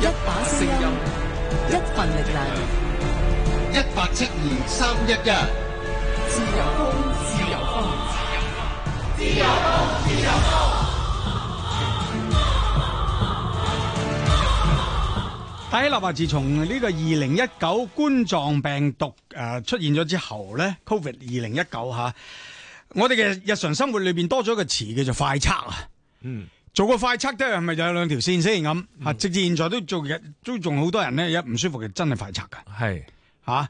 一把聲音，一份力量，一八七二三一一。自由風，自由風，自由風，自由風。睇啦，話自從呢 個二零一九冠狀病毒誒出現咗之後咧，Covid 二零一九吓，COVID-19，我哋嘅日常生活裏邊多咗個詞叫做快測啊。嗯。做個快測都係咪就有兩條線先咁？啊、嗯，直至現在都做日都仲好多人咧，一唔舒服嘅真係快測㗎。係嚇、啊，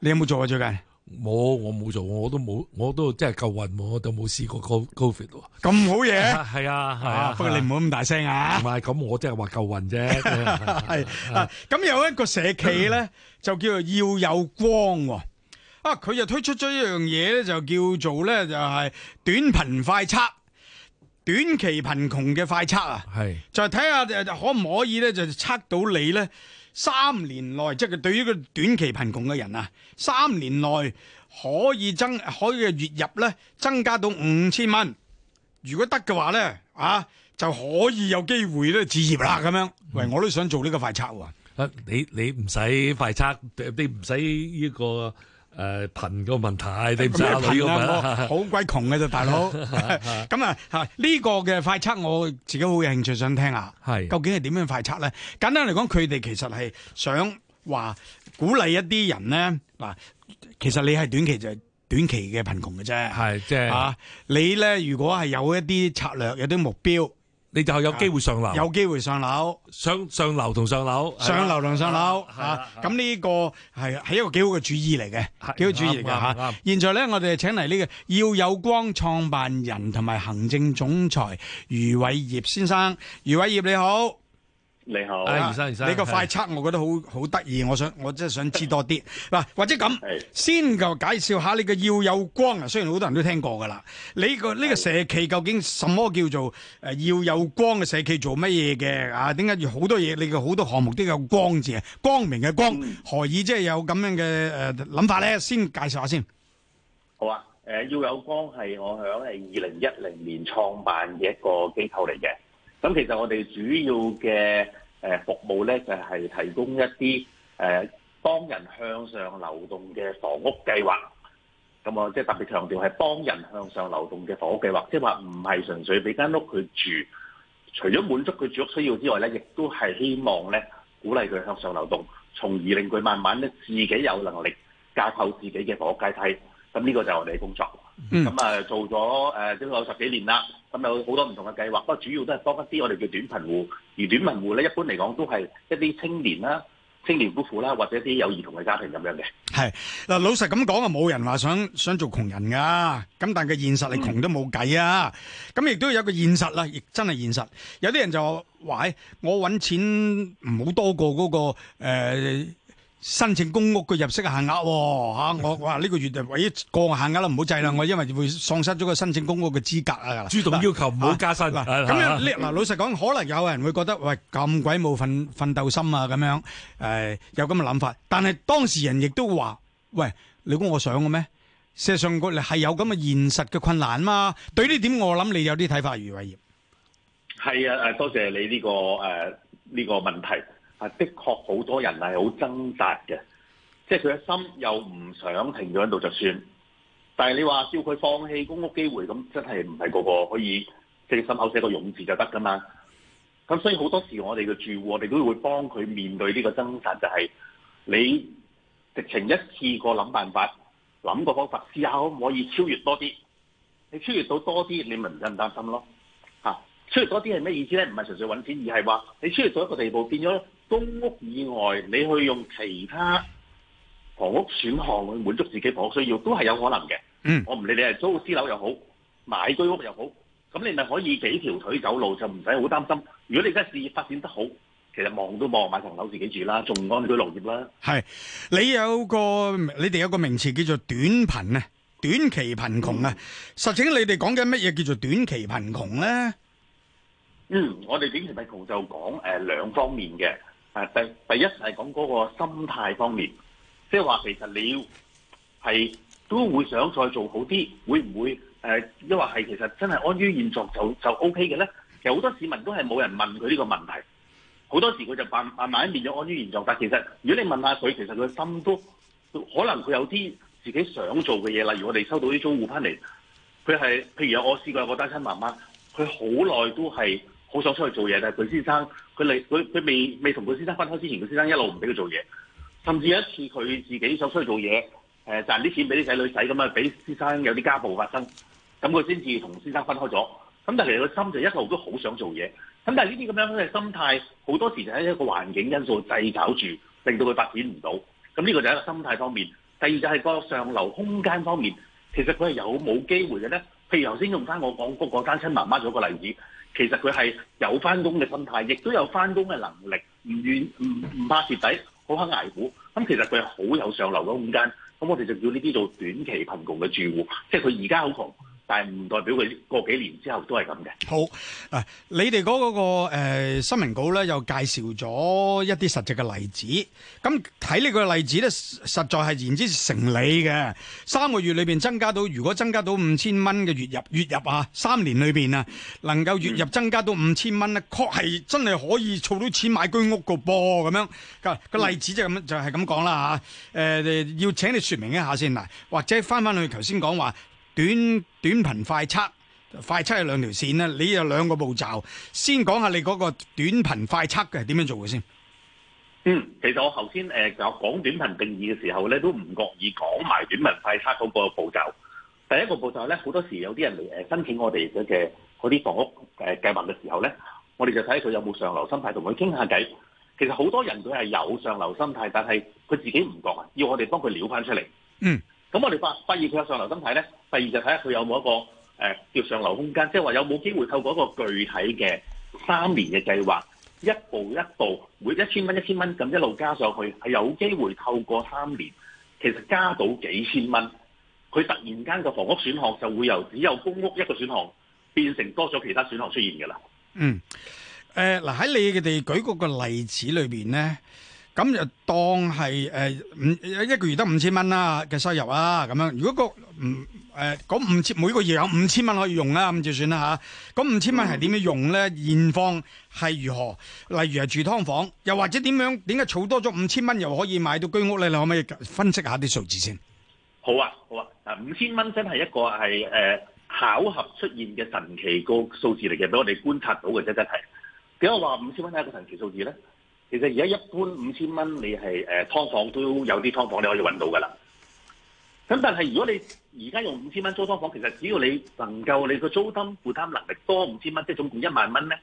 你有冇做啊最近？冇，我冇做，我都冇，我都真係夠運，我就冇試過 Covid 咁好嘢，係 啊，係啊，啊，啊。不過你唔好咁大聲啊。唔、啊、係，咁我真係話夠運啫。係 咁、啊、有一個社企咧，就叫做要有光喎。啊，佢就推出咗一樣嘢咧，就叫做咧就係、是、短貧快測。短期貧窮嘅快測啊，就睇，是，下可唔可以咧就測到你咧三年內，即，就，係，是，對於個短期貧窮嘅人啊，三年內可以增可以月入咧增加到五千蚊，如果得嘅話咧啊就可以有機會咧置業啦咁樣。喂、嗯，我都想做呢個快測啊！你你唔使快測，你唔使呢個。誒，貧個問題，你唔使睇，我好鬼窮嘅啫，大佬。咁啊，呢個嘅快測，我自己好有興趣想聽下啊。係，究竟係點樣快測咧？簡單嚟講，佢哋其實係想話鼓勵一啲人咧。嗱，其實你係短期就係短期嘅貧窮嘅啫。係，即係，你咧如果係有一啲策略，有啲目標。你就係有機會上樓，有機會上樓，上上樓同上樓，上樓同上樓吓。咁呢、啊啊啊、個係係一個幾好嘅主意嚟嘅，幾、啊、好主意嚟嘅吓。現在咧，我哋請嚟呢個要有光創辦人同埋行政總裁余偉業先生，余偉業你好。你好，阿余生，你個快測我覺得好好得意，我想我真係想知多啲嗱，或者咁先就介紹下你個要有光啊，雖然好多人都聽過噶啦，你個呢個社企究竟什麼叫做誒要有光嘅社企做乜嘢嘅啊？點解要好多嘢？你個好多項目都有光字啊，光明嘅光的，何以即係有咁樣嘅誒諗法咧？先介紹下先，好啊，誒要有光係我響係二零一零年創辦嘅一個機構嚟嘅，咁其實我哋主要嘅。誒服務咧就係提供一啲誒幫人向上流動嘅房屋計劃，咁我即係特別強調係幫人向上流動嘅房屋計劃，即係話唔係純粹俾間屋佢住，除咗滿足佢住屋需要之外咧，亦都係希望咧鼓勵佢向上流動，從而令佢慢慢咧自己有能力架構自己嘅房屋階梯。咁、這、呢個就我哋工作，咁、嗯、啊做咗誒都有十幾年啦，咁、嗯、有好多唔同嘅計劃，不過主要都係多一啲我哋叫短貧戶，而短貧戶咧一般嚟講都係一啲青年啦、青年夫婦啦，或者一啲有兒童嘅家庭咁樣嘅。係嗱，老實咁講啊，冇人話想想做窮人㗎，咁但係嘅現實你窮都冇計啊，咁亦都有個現實啦，亦真係現實，有啲人就話喂，我揾錢唔好多過嗰、那個、呃申請公屋嘅入息限額吓、啊，我話呢、這個月就唯一過限額啦，唔好制啦，我因為會喪失咗個申請公屋嘅資格啊、嗯。主動要求唔好加薪啦。咁樣嗱，老實講，可能有人會覺得喂咁鬼冇奮奮鬥心啊，咁、呃、樣誒有咁嘅諗法。但係當事人亦都話喂，你估我想嘅咩？事實上，我係有咁嘅現實嘅困難啊嘛。對呢點，我諗你有啲睇法，余偉業。係啊，誒，多謝你呢、這個誒呢、呃這個問題。係的確好多人係好掙扎嘅，即係佢嘅心又唔想停咗喺度就算，但係你話叫佢放棄公屋機會，咁真係唔係個個可以即係心口寫個勇字就得噶嘛？咁所以好多時我哋嘅住戶，我哋都會幫佢面對呢個掙扎，就係、是、你直情一次過諗辦法，諗個方法，試下可唔可以超越多啲？你超越到多啲，你咪唔使唔擔心咯。啊、超越多啲係咩意思咧？唔係純粹揾錢，而係話你超越到一個地步，變咗。公屋以外，你去用其他房屋選項去滿足自己房屋需要，都係有可能嘅。嗯，我唔理你係租私樓又好，買居屋又好，咁你咪可以幾條腿走路，就唔使好擔心。如果你而家事業發展得好，其實望都望買層樓自己住啦，仲唔安居樂業啦？係，你有個你哋有個名詞叫做短貧啊，短期貧窮啊、嗯。實情你哋講緊乜嘢叫做短期貧窮咧？嗯，我哋短期貧窮就講誒、呃、兩方面嘅。誒第第一係講嗰個心態方面，即係話其實你要係都會想再做好啲，會唔會誒？抑或係其實真係安於現狀就就 O K 嘅咧？其實好多市民都係冇人問佢呢個問題，好多時佢就慢慢慢變咗安於現狀。但係其實如果你問下佢，其實佢心都可能佢有啲自己想做嘅嘢。例如我哋收到啲租戶翻嚟，佢係譬如有我試過有個單親媽媽，佢好耐都係好想出去做嘢，但係佢先生。佢佢未未同佢先生分開之前，佢先生一路唔俾佢做嘢，甚至有一次佢自己想出去做嘢，誒賺啲錢俾啲仔女使咁啊，俾先生有啲家暴發生，咁佢先至同先生分開咗。咁但係其實個心就一路都好想做嘢，咁但係呢啲咁樣嘅心態，好多時就喺一個環境因素掣肘住，令到佢發展唔到。咁呢個就係一個心態方面。第二就係個上流空間方面，其實佢係有冇機會嘅咧？譬如頭先用翻我講過單親媽媽做個例子。其實佢係有翻工嘅心態，亦都有翻工嘅能力，唔願唔唔怕蝕底，好肯捱苦。咁其實佢係好有上流嘅空間，咁我哋就叫呢啲做短期貧窮嘅住戶，即係佢而家好窮。但係唔代表佢過幾年之後都係咁嘅。好嗱、啊，你哋嗰嗰個、那個呃、新聞稿咧，又介紹咗一啲實際嘅例子。咁睇呢個例子咧，實在係言之成理嘅。三個月裏面增加到，如果增加到五千蚊嘅月入，月入啊，三年裏面啊，能夠月入增加到五千蚊咧、嗯，確係真係可以儲到錢買居屋個噃咁樣。那個例子就咁、嗯、就係咁講啦嚇。誒、呃，要請你說明一下先嗱，或者翻返去頭先講話。短短貧快測，快測係兩條線咧。你有兩個步驟，先講下你嗰個短貧快測嘅點樣做嘅先。嗯，其實我頭先誒有講短貧定義嘅時候咧，都唔覺意講埋短貧快測嗰個步驟。第一個步驟咧，好多時候有啲人嚟誒申請我哋嘅嗰啲房屋誒計劃嘅時候咧，我哋就睇佢有冇上流心態，同佢傾下偈。其實好多人佢係有上流心態，但係佢自己唔覺啊，要我哋幫佢撩翻出嚟。嗯。咁我哋發發現佢有上流心態咧，第二就睇下佢有冇一個誒、呃、叫上流空間，即係話有冇機會透過一個具體嘅三年嘅計劃，一步一步每一千蚊一千蚊咁一路加上去，係有機會透過三年其實加到幾千蚊，佢突然間個房屋選項就會由只有公屋一個選項變成多咗其他選項出現嘅啦。嗯，誒嗱喺你哋舉個個例子裏邊咧，咁就當係，誒、五一個月得五千蚊啦嘅收入啦，咁樣如果個唔、誒五千每個月有五千蚊可以用啦，咁就算啦吓。咁五千蚊係點樣用咧？現況係如何？例如係住劏房，又或者點樣？點解儲多咗五千蚊又可以買到居屋咧？你可唔可以分析下啲數字先？好啊，好啊。嗱，五千蚊真係一個係誒、呃、巧合出現嘅神奇個數字嚟嘅，俾我哋觀察到嘅啫。真係點解我話五千蚊係一個神奇數字咧？其實而家一般五千蚊，你係誒劏房都有啲劏房你可以揾到噶啦。咁但係如果你而家用五千蚊租劏房，其實只要你能夠你個租金負擔能力多五千蚊，即係總共一萬蚊呢，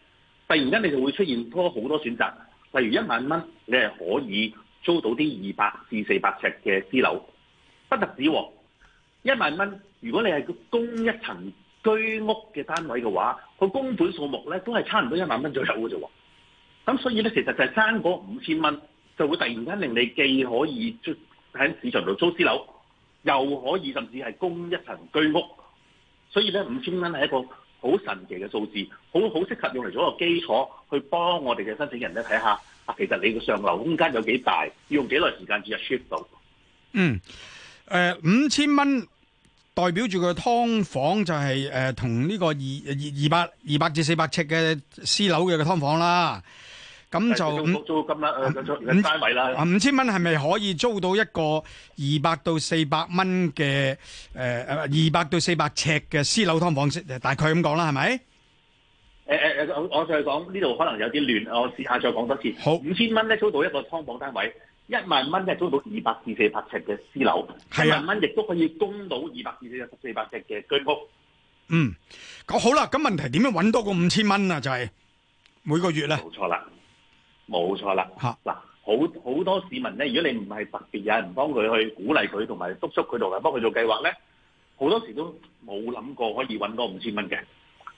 突然間你就會出現多好多選擇。例如一萬蚊，你係可以租到啲二百至四百尺嘅私樓，不特止喎。一萬蚊，如果你係供一層居屋嘅單位嘅話，個供本數目呢都係差唔多一萬蚊左右嘅啫喎。咁所以咧，其實就係爭嗰五千蚊，就會突然間令你既可以租喺市場度租私樓，又可以甚至係供一層居屋。所以咧，五千蚊係一個好神奇嘅數字，好好適合用嚟做一個基礎，去幫我哋嘅申請人咧睇下，其實你嘅上樓空間有幾大，要用幾耐時間至入 ship 到。嗯，誒、呃、五千蚊代表住佢個劏房就係、是、誒、呃、同呢個二二百二百至四百尺嘅私樓嘅劏房啦。咁就五租金啦，五千蚊係咪可以租到一個二百到四百蚊嘅誒誒，二百到四百尺嘅私樓劏房？誒，大概咁講啦，係咪？誒誒誒，我再講呢度可能有啲亂，我試下再講多次。好，五千蚊咧租到一個劏房單位，一萬蚊咧租到二百至四百尺嘅私樓，一萬蚊亦都可以供到二百至四百尺嘅居屋。嗯，咁好啦，咁問題點樣搵多個五千蚊啊？就係每個月啦。冇錯啦。冇錯啦，嗱，好好多市民咧，如果你唔係特別有人幫佢去鼓勵佢，同埋督促佢同埋幫佢做計劃咧，好多時都冇諗過可以揾多五千蚊嘅。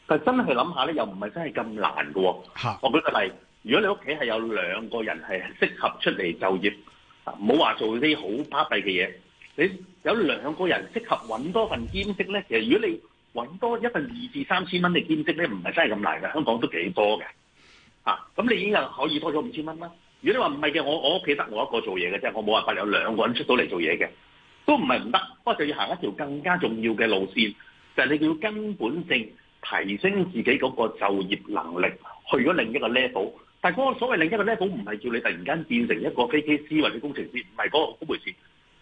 但係真係諗下咧，又唔係真係咁難㗎喎。我舉個例，如果你屋企係有兩個人係適合出嚟就業，唔好話做啲好巴閉嘅嘢，你有兩個人適合揾多份兼職咧，其實如果你揾多一份二至三千蚊嘅兼職咧，唔係真係咁難嘅，香港都幾多嘅。啊，咁你已經可以多咗五千蚊啦。如果你話唔係嘅，我我屋企得我一個做嘢嘅啫，我冇辦法有兩個人出到嚟做嘢嘅，都唔係唔得。不過就要行一條更加重要嘅路線，就係你要根本性提升自己嗰個就業能力，去咗另一個 level。但係嗰個所謂另一個 level 唔係叫你突然間變成一個飛機師或者工程師，唔係嗰回事，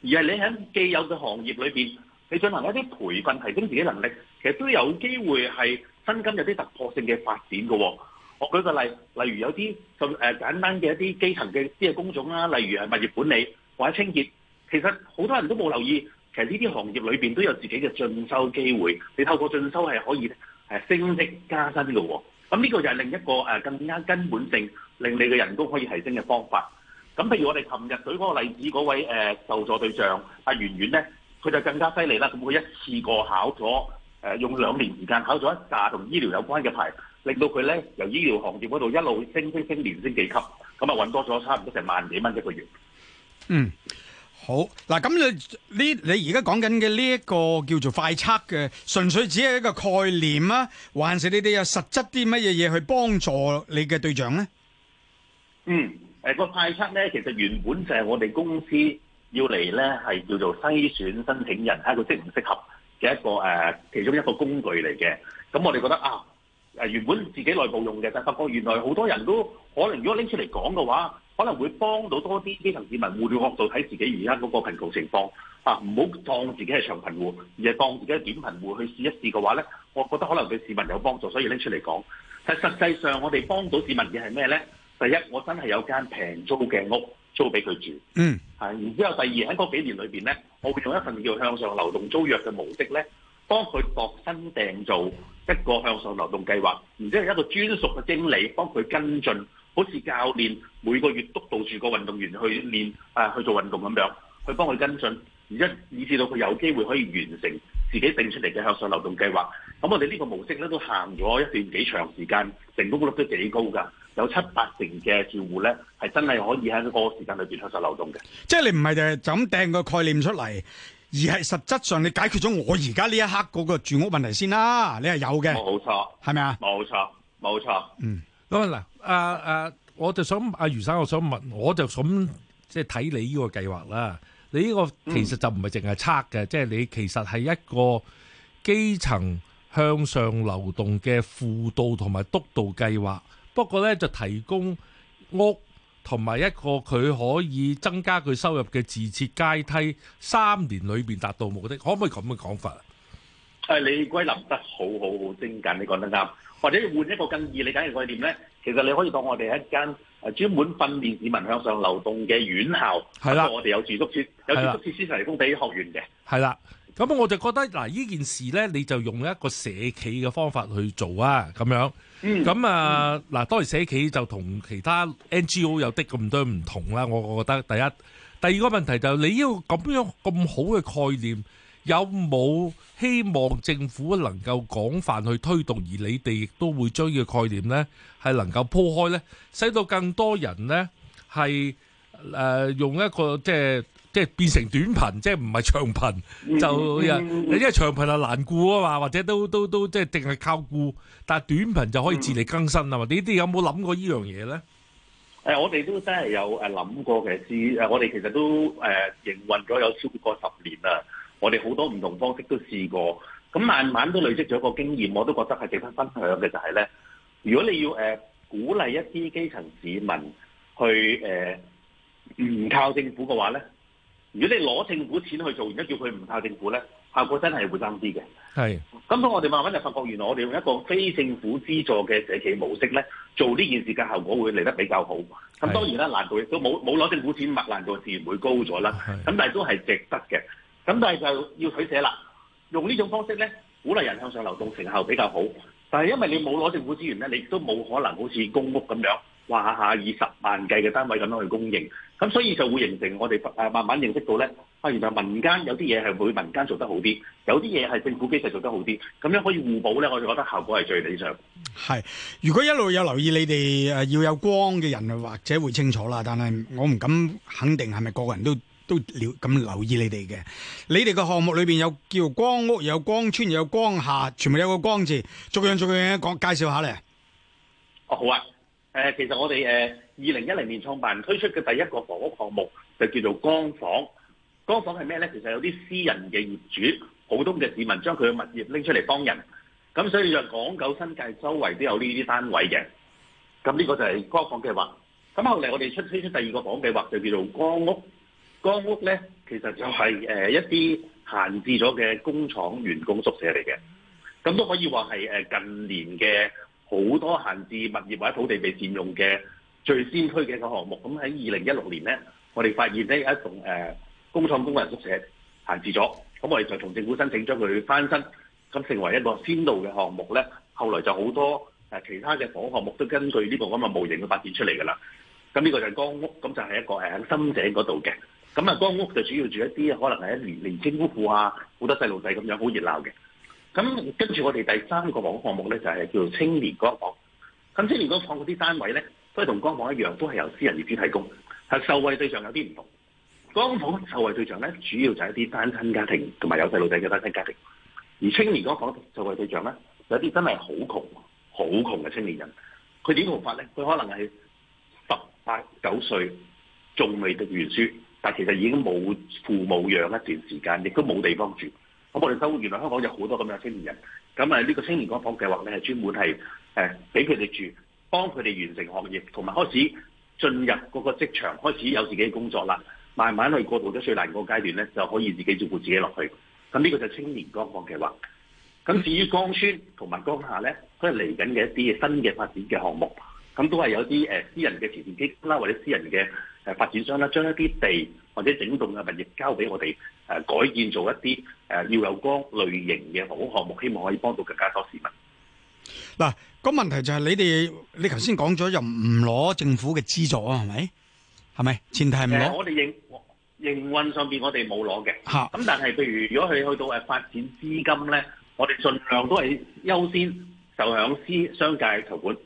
而係你喺既有嘅行業裏邊，你進行一啲培訓，提升自己能力，其實都有機會係薪金有啲突破性嘅發展嘅。我舉個例，例如有啲咁誒簡單嘅一啲基層嘅啲嘅工種啦，例如係物業管理或者清潔，其實好多人都冇留意，其實呢啲行業裏面都有自己嘅進修機會。你透過進修係可以係升職加薪嘅。咁呢個就係另一個更加根本性令你嘅人工可以提升嘅方法。咁譬如我哋琴日舉嗰個例子嗰位誒受助對象阿圓圓咧，佢就更加犀利啦！咁佢一次過考咗、呃、用兩年時間考咗一紮同醫療有關嘅牌。令到佢咧由醫療行業嗰度一路升升升，連升幾級，咁啊揾多咗差唔多成萬幾蚊一個月。嗯，好。嗱，咁你呢？你而家講緊嘅呢一個叫做快測嘅，純粹只係一個概念啊，還是你哋有實質啲乜嘢嘢去幫助你嘅對象咧？嗯，誒、呃、個快測咧，其實原本就係我哋公司要嚟咧，係叫做篩選申請人，睇佢適唔適合嘅一個誒、呃、其中一個工具嚟嘅。咁我哋覺得啊。原本自己內部用嘅，但發覺原來好多人都可能，如果拎出嚟講嘅話，可能會幫到多啲基層市民度，互聯學到睇自己而家嗰個貧窮情況啊！唔好當自己係長貧戶，而係當自己係短貧戶去試一試嘅話咧，我覺得可能對市民有幫助，所以拎出嚟講。但實際上，我哋幫到市民嘅係咩咧？第一，我真係有間平租嘅屋租俾佢住，嗯、啊，然之後第二喺嗰幾年裏面咧，我會用一份叫向上流動租約嘅模式咧。幫佢度身訂造一個向上流動計劃，然之後一個專屬嘅經理幫佢跟進，好似教練每個月督促住個運動員去練啊去做運動咁樣，去幫佢跟進，然之以至到佢有機會可以完成自己訂出嚟嘅向上流動計劃。咁我哋呢個模式咧都行咗一段幾長時間，成功率都幾高㗎，有七八成嘅住戶咧係真係可以喺個時間裏邊向上流動嘅。即係你唔係就係就咁掟個概念出嚟。而係實質上，你解決咗我而家呢一刻嗰個住屋問題先啦。你係有嘅，冇錯，係咪啊？冇錯，冇錯。嗯，咁嗱，阿、呃、阿我就想，阿余生，我想問，我就想即係睇你呢個計劃啦。你呢個其實就唔係淨係測嘅，即、嗯、係、即係、你其實係一個基層向上流動嘅輔導同埋督導計劃。不過咧，就提供屋。同埋一個佢可以增加佢收入嘅自設階梯，三年裏邊達到目的，可唔可以咁嘅講法啊？係你歸納得好好好精簡，你講得啱。或者換一個更易理解嘅概念咧，其實你可以當我哋係一間專門訓練市民向上流動嘅院校。係啦，我哋有住宿設，有住宿設施提供俾學員嘅。係啦。咁我就覺得嗱，呢件事呢，你就用一個社企嘅方法去做啊，咁樣。咁、嗯嗯、啊，嗱，當然社企就同其他 NGO 有啲咁多唔同啦。我覺得第一、第二個問題就係、是、你呢個咁樣咁好嘅概念，有冇希望政府能夠廣泛去推動，而你哋亦都會將呢個概念呢係能夠鋪開呢，使到更多人呢係、呃、用一個即係。即係變成短貧，即係唔係長貧、嗯、就、嗯，因為長貧就難顧啊嘛，或者都都都即係淨係靠顧，但係短貧就可以自力更生啊嘛。呢啲有冇諗過呢樣嘢咧？誒、呃，我哋都真係有誒諗、呃、過嘅，至、呃、我哋其實都誒營運咗有超過十年啦。我哋好多唔同方式都試過，咁慢慢都累積咗一個經驗，我都覺得係值得分享嘅就係咧，如果你要誒、呃、鼓勵一啲基層市民去誒唔、呃、靠政府嘅話咧。如果你攞政府錢去做，而家叫佢唔靠政府咧，效果真係會差啲嘅。係，咁當我哋慢慢就發覺，原來我哋用一個非政府資助嘅社企模式咧，做呢件事嘅效果會嚟得比較好。咁當然啦，難度亦都冇冇攞政府錢物難度自然會高咗啦。咁但係都係值得嘅。咁但係就要取寫啦。用呢種方式咧，鼓勵人向上流動成效比較好。但係因為你冇攞政府資源咧，你都冇可能好似公屋咁樣，話下以十萬計嘅單位咁樣去供應。咁所以就會形成我哋誒慢慢認識到咧，發現就民間有啲嘢係會民間做得好啲，有啲嘢係政府機制做得好啲，咁樣可以互補咧，我就覺得效果係最理想。係，如果一路有留意你哋誒要有光嘅人，或者會清楚啦。但係我唔敢肯定係咪個個人都都了咁留意你哋嘅。你哋嘅項目裏面有叫光屋、有光村、有光下，全部有個光字，逐樣逐樣講介紹下咧。哦，好啊。誒，其實我哋誒二零一零年創辦推出嘅第一個房屋項目就叫做光房。光房係咩咧？其實有啲私人嘅業主，普通嘅市民將佢嘅物業拎出嚟幫人，咁所以就港九新界周圍都有呢啲單位嘅。咁呢個就係光房計劃。咁後嚟我哋出推出第二個房計劃就叫做光屋。光屋咧，其實就係誒一啲閒置咗嘅工廠員工宿舍嚟嘅。咁都可以話係誒近年嘅好多閒置物業或者土地被佔用嘅最先推嘅一個項目，咁喺二零一六年咧，我哋發現咧一棟誒工廠工人宿舍閒置咗，咁我哋就同政府申請將佢翻新，咁成為一個先導嘅項目咧。後來就好多誒其他嘅房項目都根據呢個咁嘅模型去發展出嚟㗎啦。咁呢個就係光屋，咁就係一個誒喺深井嗰度嘅。咁啊光屋就主要住一啲可能係一啲年青夫婦啊，好多細路仔咁樣好熱鬧嘅。咁跟住我哋第三個房項目咧，就係叫做青年光房。咁青年光房嗰啲單位咧，都係同光房一樣，都係由私人業主提供。但，受惠對象有啲唔同。光房受惠對象咧，主要就係一啲單親家庭同埋有細路仔嘅單親家庭。而青年光房受惠對象咧，有啲真係好窮、好窮嘅青年人。佢點窮法咧？佢可能係十八九歲，仲未讀完書，但其實已經冇父母養一段時間，亦都冇地方住。我哋收，原來香港有好多咁嘅青年人，咁啊呢個青年光房計劃咧，係專門係誒，俾佢哋住，幫佢哋完成學業，同埋開始進入嗰個職場，開始有自己嘅工作啦，慢慢去過渡咗最難嗰階段咧，就可以自己照顧自己落去。咁呢個就係青年光房計劃。咁至於光村同埋光廈咧，都係嚟緊嘅一啲新嘅發展嘅項目。咁都係有啲私人嘅慈善基金啦，或者私人嘅誒發展商啦，將一啲地或者整棟嘅物業交俾我哋改建做一啲要有光類型嘅服務項目，希望可以幫到更加多市民。嗱，個問題就係你哋，你頭先講咗又唔攞政府嘅資助啊，係咪？係咪前提係唔攞？我哋營營運上面，我哋冇攞嘅。咁但係譬如如果佢去到誒發展資金咧，我哋盡量都係優先受響私商界籌款。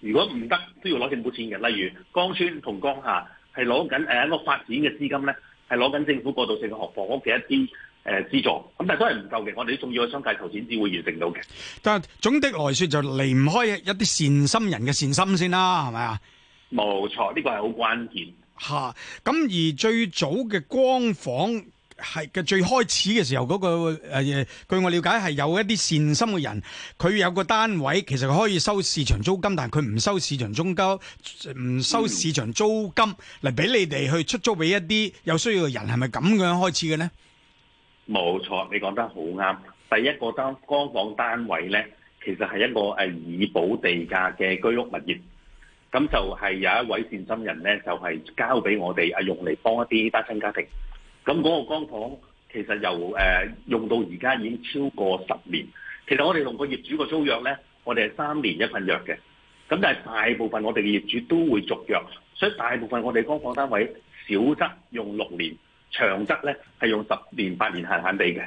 如果唔得都要攞政府錢嘅，例如江村同江夏係攞緊一個發展嘅資金咧，係攞緊政府過渡性嘅學房屋嘅一啲誒資助，咁但係都係唔夠嘅，我哋仲要商界投錢至會完成到嘅。但係總的來說就離唔開一啲善心人嘅善心先啦，係咪啊？冇錯，呢個係好關鍵。咁、啊、而最早嘅光房。係嘅最開始嘅時候、那，嗰個誒，據我了解係有一啲善心嘅人,佢有一個單位，其實可以收市場租金，但係佢唔收市場中交，唔收市場租金嚟俾、嗯、你哋去出租俾一啲有需要嘅人，係咪咁樣開始嘅呢？冇錯，你講得好啱。第一個光房單位呢，其實係一個誒以保地價嘅居屋物業。咁就係有一位善心人呢，就係、是、交俾我哋阿用嚟幫一啲單身家庭。咁嗰個光房其實由、呃、用到而家已經超過十年。其實我哋同個業主個租約咧，我哋係三年一份約嘅。咁但係大部分我哋嘅業主都會續約，所以大部分我哋光房單位少則用六年，長則咧係用十年八年閒閒地嘅。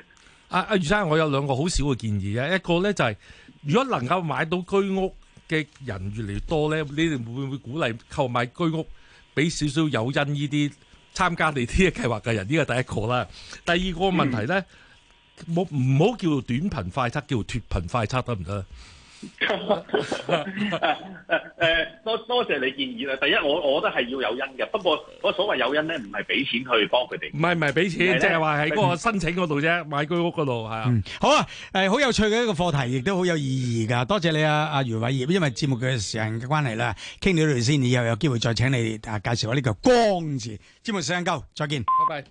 阿、啊、余生，我有兩個好少嘅建議嘅，一個咧就係、是、如果能夠買到居屋嘅人越嚟越多咧，你哋會唔會鼓勵購買居屋，俾少少有因呢啲？參加你啲計劃嘅人，呢個第一個啦。第二個問題咧，冇唔好叫短貧快測，叫脫貧快測得唔得？行不行？誒 誒、啊，多多謝你建議啦。第一，我我覺得係要有因嘅。不過，我、那個、所謂有因咧，唔係俾錢去幫佢哋。唔係唔係俾錢，即係話喺嗰個申請嗰度啫，買居屋嗰度係。好啊，誒、呃，好有趣嘅一個課題，亦都好有意義噶。多謝你啊，阿余偉業。因為節目嘅時間嘅關係啦，傾到呢度先。以後有機會再請你啊，介紹我呢個光字。節目時間夠，再見，拜拜。